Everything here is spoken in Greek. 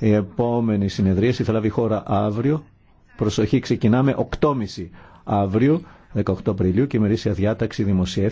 Η επόμενη συνεδρία θα λάβει χώρα αύριο. Προσοχή, ξεκινάμε 8.30 αύριο, 18 Απριλίου και η μερίσια διάταξη δημοσίευση.